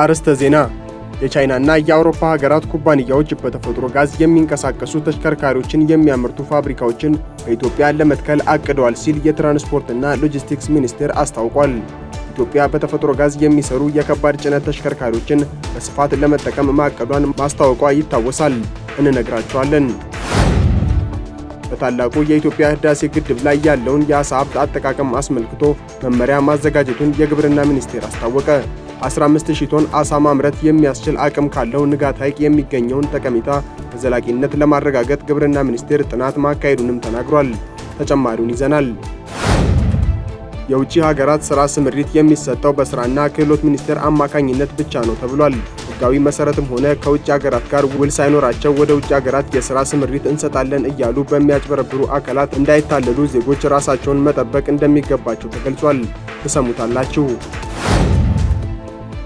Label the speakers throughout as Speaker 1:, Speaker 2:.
Speaker 1: አርዕስተ ዜና የቻይናና የአውሮፓ ሀገራት ኩባንያዎች በተፈጥሮ ጋዝ የሚንቀሳቀሱ ተሽከርካሪዎችን የሚያመርቱ ፋብሪካዎችን በኢትዮጵያ ለመትከል አቅደዋል ሲል የትራንስፖርትና ሎጂስቲክስ ሚኒስቴር አስታውቋል። ኢትዮጵያ በተፈጥሮ ጋዝ የሚሰሩ የከባድ ጭነት ተሽከርካሪዎችን በስፋት ለመጠቀም ማቀዷን ማስታወቋ ይታወሳል። እንነግራቸዋለን። በታላቁ የኢትዮጵያ ህዳሴ ግድብ ላይ ያለውን የአሳ ሀብት አጠቃቀም አስመልክቶ መመሪያ ማዘጋጀቱን የግብርና ሚኒስቴር አስታወቀ። 15000 ቶን አሳ ማምረት የሚያስችል አቅም ካለው ንጋት ሐይቅ የሚገኘውን ጠቀሜታ በዘላቂነት ለማረጋገጥ ግብርና ሚኒስቴር ጥናት ማካሄዱንም ተናግሯል። ተጨማሪውን ይዘናል። የውጭ ሀገራት ስራ ስምሪት የሚሰጠው በስራና ክህሎት ሚኒስቴር አማካኝነት ብቻ ነው ተብሏል። ህጋዊ መሰረትም ሆነ ከውጭ ሀገራት ጋር ውል ሳይኖራቸው ወደ ውጭ ሀገራት የስራ ስምሪት እንሰጣለን እያሉ በሚያጭበረብሩ አካላት እንዳይታለሉ ዜጎች ራሳቸውን መጠበቅ እንደሚገባቸው ተገልጿል። ትሰሙታላችሁ።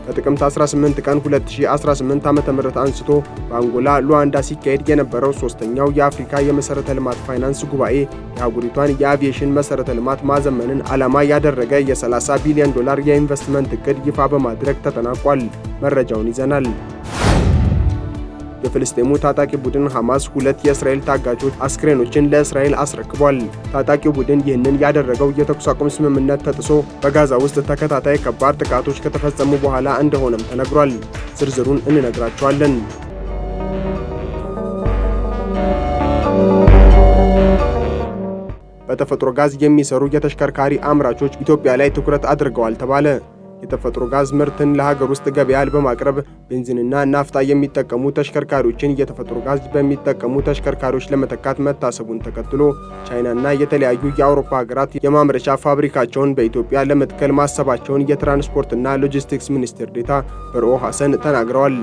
Speaker 1: ከጥቅምት 18 ቀን 2018 ም አንስቶ በአንጎላ ሉዋንዳ ሲካሄድ የነበረው ሶስተኛው የአፍሪካ የመሰረተ ልማት ፋይናንስ ጉባኤ የአህጉሪቷን የአቪዬሽን መሠረተ ልማት ማዘመንን ዓላማ ያደረገ የ30 ቢሊዮን ዶላር የኢንቨስትመንት እቅድ ይፋ በማድረግ ተጠናቋል። መረጃውን ይዘናል። የፍልስጤሙ ታጣቂ ቡድን ሐማስ ሁለት የእስራኤል ታጋቾች አስክሬኖችን ለእስራኤል አስረክቧል። ታጣቂው ቡድን ይህንን ያደረገው የተኩስ አቁም ስምምነት ተጥሶ በጋዛ ውስጥ ተከታታይ ከባድ ጥቃቶች ከተፈጸሙ በኋላ እንደሆነም ተነግሯል። ዝርዝሩን እንነግራቸዋለን። በተፈጥሮ ጋዝ የሚሰሩ የተሽከርካሪ አምራቾች ኢትዮጵያ ላይ ትኩረት አድርገዋል ተባለ። የተፈጥሮ ጋዝ ምርትን ለሀገር ውስጥ ገበያ በማቅረብ ቤንዚንና ናፍጣ የሚጠቀሙ ተሽከርካሪዎችን የተፈጥሮ ጋዝ በሚጠቀሙ ተሽከርካሪዎች ለመተካት መታሰቡን ተከትሎ ቻይናና የተለያዩ የአውሮፓ ሀገራት የማምረቻ ፋብሪካቸውን በኢትዮጵያ ለመትከል ማሰባቸውን የትራንስፖርትና ሎጂስቲክስ ሚኒስትር ዴታ በርኦ ሐሰን ተናግረዋል።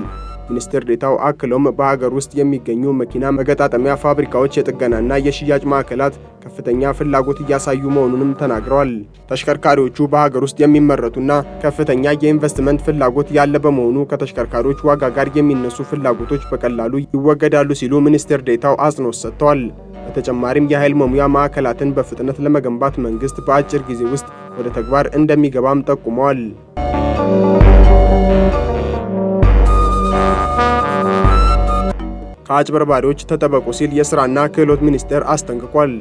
Speaker 1: ሚኒስትር ዴታው አክሎም በሀገር ውስጥ የሚገኙ መኪና መገጣጠሚያ ፋብሪካዎች የጥገናና የሽያጭ ማዕከላት ከፍተኛ ፍላጎት እያሳዩ መሆኑንም ተናግረዋል። ተሽከርካሪዎቹ በሀገር ውስጥ የሚመረቱና ከፍተኛ የኢንቨስትመንት ፍላጎት ያለ በመሆኑ ከተሽከርካሪዎች ዋጋ ጋር የሚነሱ ፍላጎቶች በቀላሉ ይወገዳሉ ሲሉ ሚኒስትር ዴታው አጽንኦት ሰጥተዋል። በተጨማሪም የኃይል መሙያ ማዕከላትን በፍጥነት ለመገንባት መንግስት በአጭር ጊዜ ውስጥ ወደ ተግባር እንደሚገባም ጠቁመዋል። ከአጭበርባሪዎች ተጠበቁ ሲል የሥራና ክህሎት ሚኒስቴር አስጠንቅቋል።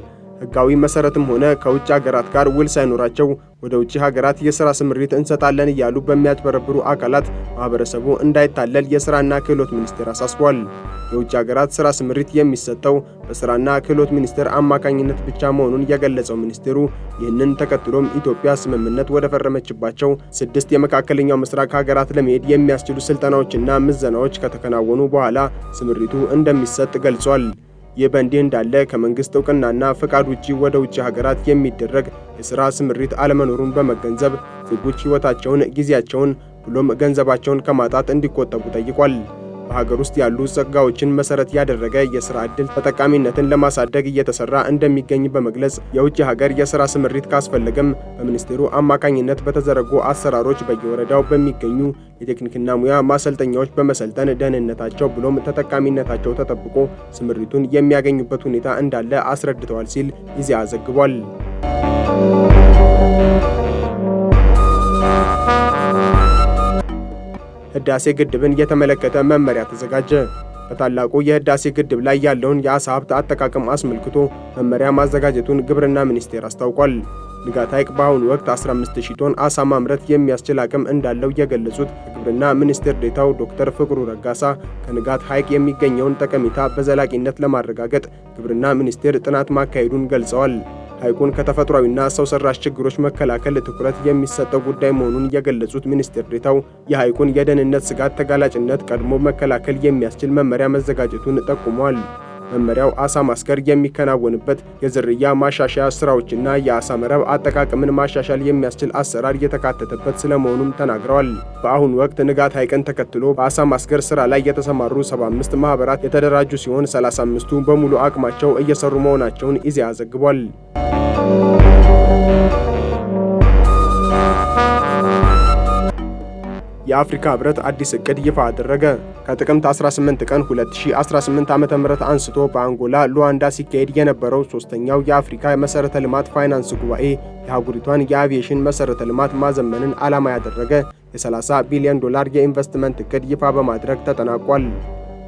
Speaker 1: ህጋዊ መሰረትም ሆነ ከውጭ ሀገራት ጋር ውል ሳይኖራቸው ወደ ውጭ ሀገራት የስራ ስምሪት እንሰጣለን እያሉ በሚያጭበረብሩ አካላት ማህበረሰቡ እንዳይታለል የስራና ክህሎት ሚኒስቴር አሳስቧል። የውጭ ሀገራት ስራ ስምሪት የሚሰጠው በስራና ክህሎት ሚኒስቴር አማካኝነት ብቻ መሆኑን የገለጸው ሚኒስቴሩ ይህንን ተከትሎም ኢትዮጵያ ስምምነት ወደ ፈረመችባቸው ስድስት የመካከለኛው ምስራቅ ሀገራት ለመሄድ የሚያስችሉ ስልጠናዎችና ምዘናዎች ከተከናወኑ በኋላ ስምሪቱ እንደሚሰጥ ገልጿል። ይህ በእንዲህ እንዳለ ከመንግስት እውቅናና ፈቃድ ውጪ ወደ ውጭ ሀገራት የሚደረግ የስራ ስምሪት አለመኖሩን በመገንዘብ ዜጎች ህይወታቸውን ጊዜያቸውን ብሎም ገንዘባቸውን ከማጣት እንዲቆጠቡ ጠይቋል። በሀገር ውስጥ ያሉ ጸጋዎችን መሰረት ያደረገ የስራ ዕድል ተጠቃሚነትን ለማሳደግ እየተሰራ እንደሚገኝ በመግለጽ የውጭ ሀገር የስራ ስምሪት ካስፈለገም በሚኒስቴሩ አማካኝነት በተዘረጉ አሰራሮች በየወረዳው በሚገኙ የቴክኒክና ሙያ ማሰልጠኛዎች በመሰልጠን ደህንነታቸው ብሎም ተጠቃሚነታቸው ተጠብቆ ስምሪቱን የሚያገኙበት ሁኔታ እንዳለ አስረድተዋል ሲል ኢዜአ ዘግቧል። ህዳሴ ግድብን የተመለከተ መመሪያ ተዘጋጀ። በታላቁ የህዳሴ ግድብ ላይ ያለውን የአሳ ሀብት አጠቃቀም አስመልክቶ መመሪያ ማዘጋጀቱን ግብርና ሚኒስቴር አስታውቋል። ንጋት ሐይቅ በአሁኑ ወቅት 15000 ቶን አሳ ማምረት የሚያስችል አቅም እንዳለው የገለጹት የግብርና ሚኒስቴር ዴታው ዶክተር ፍቅሩ ረጋሳ ከንጋት ሐይቅ የሚገኘውን ጠቀሜታ በዘላቂነት ለማረጋገጥ ግብርና ሚኒስቴር ጥናት ማካሄዱን ገልጸዋል። ሐይቁን ከተፈጥሯዊና ሰው ሰራሽ ችግሮች መከላከል ትኩረት የሚሰጠው ጉዳይ መሆኑን የገለጹት ሚኒስትር ዴኤታው የሐይቁን የደህንነት ስጋት ተጋላጭነት ቀድሞ መከላከል የሚያስችል መመሪያ መዘጋጀቱን ጠቁመዋል። መመሪያው አሳ ማስገር የሚከናወንበት የዝርያ ማሻሻያ ስራዎችና የአሳ መረብ አጠቃቀምን ማሻሻል የሚያስችል አሰራር የተካተተበት ስለመሆኑም ተናግረዋል። በአሁኑ ወቅት ንጋት ሐይቅን ተከትሎ በአሳ ማስገር ስራ ላይ የተሰማሩ 75 ማህበራት የተደራጁ ሲሆን 35ቱ በሙሉ አቅማቸው እየሰሩ መሆናቸውን ኢዜአ ዘግቧል። የአፍሪካ ህብረት አዲስ እቅድ ይፋ አደረገ። ከጥቅምት 18 ቀን 2018 ዓ.ም አንስቶ በአንጎላ ሉዋንዳ ሲካሄድ የነበረው ሶስተኛው የአፍሪካ የመሠረተ ልማት ፋይናንስ ጉባኤ የአህጉሪቷን የአቪዬሽን መሠረተ ልማት ማዘመንን ዓላማ ያደረገ የ30 ቢሊዮን ዶላር የኢንቨስትመንት እቅድ ይፋ በማድረግ ተጠናቋል።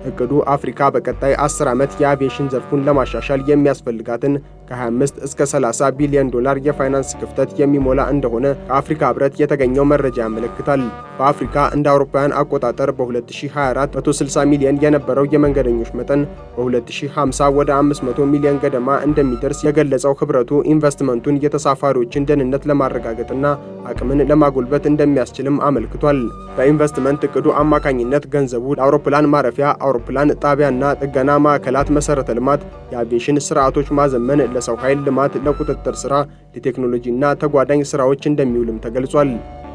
Speaker 1: እቅዱ አፍሪካ በቀጣይ 10 ዓመት የአቪዬሽን ዘርፉን ለማሻሻል የሚያስፈልጋትን ከ25 እስከ 30 ቢሊዮን ዶላር የፋይናንስ ክፍተት የሚሞላ እንደሆነ ከአፍሪካ ህብረት የተገኘው መረጃ ያመለክታል። በአፍሪካ እንደ አውሮፓውያን አቆጣጠር በ2024 160 ሚሊዮን የነበረው የመንገደኞች መጠን በ2050 ወደ 500 ሚሊዮን ገደማ እንደሚደርስ የገለጸው ህብረቱ ኢንቨስትመንቱን የተሳፋሪዎችን ደህንነት ለማረጋገጥና አቅምን ለማጎልበት እንደሚያስችልም አመልክቷል። በኢንቨስትመንት እቅዱ አማካኝነት ገንዘቡ ለአውሮፕላን ማረፊያ፣ አውሮፕላን ጣቢያና ጥገና ማዕከላት፣ መሰረተ ልማት፣ የአቪዬሽን ስርዓቶች ማዘመን ለሰው ኃይል ልማት፣ ለቁጥጥር ሥራ፣ ለቴክኖሎጂ እና ተጓዳኝ ሥራዎች እንደሚውልም ተገልጿል።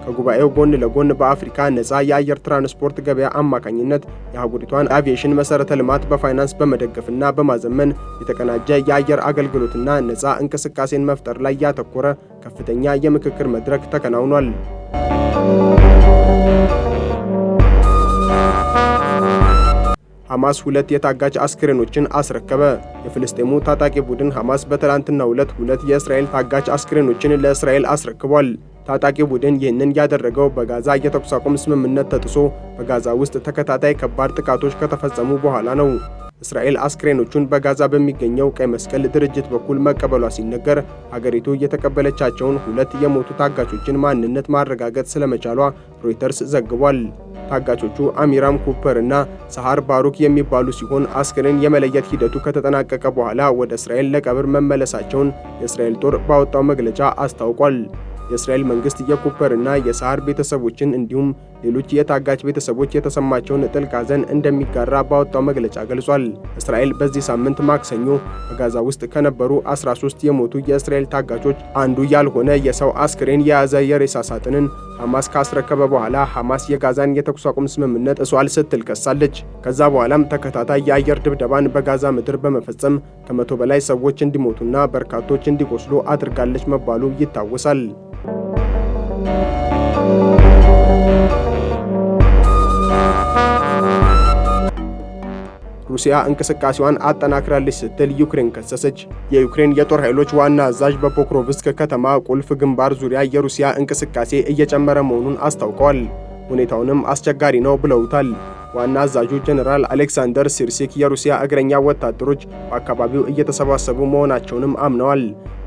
Speaker 1: ከጉባኤው ጎን ለጎን በአፍሪካ ነፃ የአየር ትራንስፖርት ገበያ አማካኝነት የአህጉሪቷን አቪዬሽን መሠረተ ልማት በፋይናንስ በመደገፍና በማዘመን የተቀናጀ የአየር አገልግሎትና ነፃ እንቅስቃሴን መፍጠር ላይ ያተኮረ ከፍተኛ የምክክር መድረክ ተከናውኗል። ሐማስ ሁለት የታጋች አስክሬኖችን አስረከበ። የፍልስጤሙ ታጣቂ ቡድን ሐማስ በትላንትናው ዕለት ሁለት የእስራኤል ታጋች አስክሬኖችን ለእስራኤል አስረክቧል። ታጣቂ ቡድን ይህንን ያደረገው በጋዛ የተኩስ አቁም ስምምነት ተጥሶ በጋዛ ውስጥ ተከታታይ ከባድ ጥቃቶች ከተፈጸሙ በኋላ ነው። እስራኤል አስክሬኖቹን በጋዛ በሚገኘው ቀይ መስቀል ድርጅት በኩል መቀበሏ ሲነገር አገሪቱ የተቀበለቻቸውን ሁለት የሞቱ ታጋቾችን ማንነት ማረጋገጥ ስለመቻሏ ሮይተርስ ዘግቧል። ታጋቾቹ አሚራም ኩፐር እና ሳሃር ባሩክ የሚባሉ ሲሆን አስክሬን የመለየት ሂደቱ ከተጠናቀቀ በኋላ ወደ እስራኤል ለቀብር መመለሳቸውን የእስራኤል ጦር ባወጣው መግለጫ አስታውቋል። የእስራኤል መንግስት የኩፐር እና የሳር ቤተሰቦችን እንዲሁም ሌሎች የታጋች ቤተሰቦች የተሰማቸውን ጥልቅ ሐዘን እንደሚጋራ ባወጣው መግለጫ ገልጿል። እስራኤል በዚህ ሳምንት ማክሰኞ በጋዛ ውስጥ ከነበሩ 13 የሞቱ የእስራኤል ታጋቾች አንዱ ያልሆነ የሰው አስክሬን የያዘ የሬሳ ሳጥንን ሐማስ ካስረከበ በኋላ ሐማስ የጋዛን የተኩስ አቁም ስምምነት እሷል ስትል ከሳለች። ከዛ በኋላም ተከታታይ የአየር ድብደባን በጋዛ ምድር በመፈጸም ከመቶ በላይ ሰዎች እንዲሞቱና በርካቶች እንዲቆስሉ አድርጋለች መባሉ ይታወሳል። ሩሲያ እንቅስቃሴዋን አጠናክራለች ስትል ዩክሬን ከሰሰች። የዩክሬን የጦር ኃይሎች ዋና አዛዥ በፖክሮቭስክ ከተማ ቁልፍ ግንባር ዙሪያ የሩሲያ እንቅስቃሴ እየጨመረ መሆኑን አስታውቀዋል። ሁኔታውንም አስቸጋሪ ነው ብለውታል። ዋና አዛዡ ጀኔራል አሌክሳንደር ሲርሲክ የሩሲያ እግረኛ ወታደሮች በአካባቢው እየተሰባሰቡ መሆናቸውንም አምነዋል።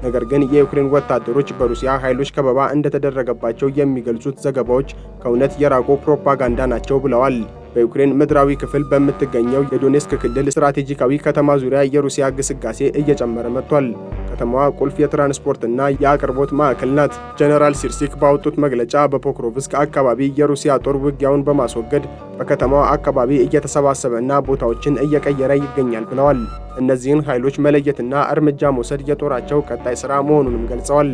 Speaker 1: ነገር ግን የዩክሬን ወታደሮች በሩሲያ ኃይሎች ከበባ እንደተደረገባቸው የሚገልጹት ዘገባዎች ከእውነት የራቁ ፕሮፓጋንዳ ናቸው ብለዋል። በዩክሬን ምድራዊ ክፍል በምትገኘው የዶኔስክ ክልል ስትራቴጂካዊ ከተማ ዙሪያ የሩሲያ ግስጋሴ እየጨመረ መጥቷል። ከተማዋ ቁልፍ የትራንስፖርትና የአቅርቦት ማዕከል ናት። ጀነራል ሲርሲክ ባወጡት መግለጫ በፖክሮቭስክ አካባቢ የሩሲያ ጦር ውጊያውን በማስወገድ በከተማዋ አካባቢ እየተሰባሰበ ቦታዎችን እየቀየረ ይገኛል ብለዋል። እነዚህን ኃይሎች መለየትና እርምጃ መውሰድ የጦራቸው ቀጣይ ሥራ መሆኑንም ገልጸዋል።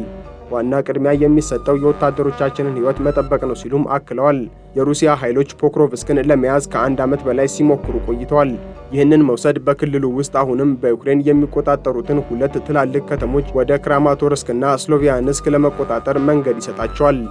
Speaker 1: ዋና ቅድሚያ የሚሰጠው የወታደሮቻችንን ሕይወት መጠበቅ ነው ሲሉም አክለዋል። የሩሲያ ኃይሎች ፖክሮቭስክን ለመያዝ ከአንድ ዓመት በላይ ሲሞክሩ ቆይተዋል። ይህንን መውሰድ በክልሉ ውስጥ አሁንም በዩክሬን የሚቆጣጠሩትን ሁለት ትላልቅ ከተሞች ወደ ክራማቶርስክና ስሎቪያንስክ ለመቆጣጠር መንገድ ይሰጣቸዋል።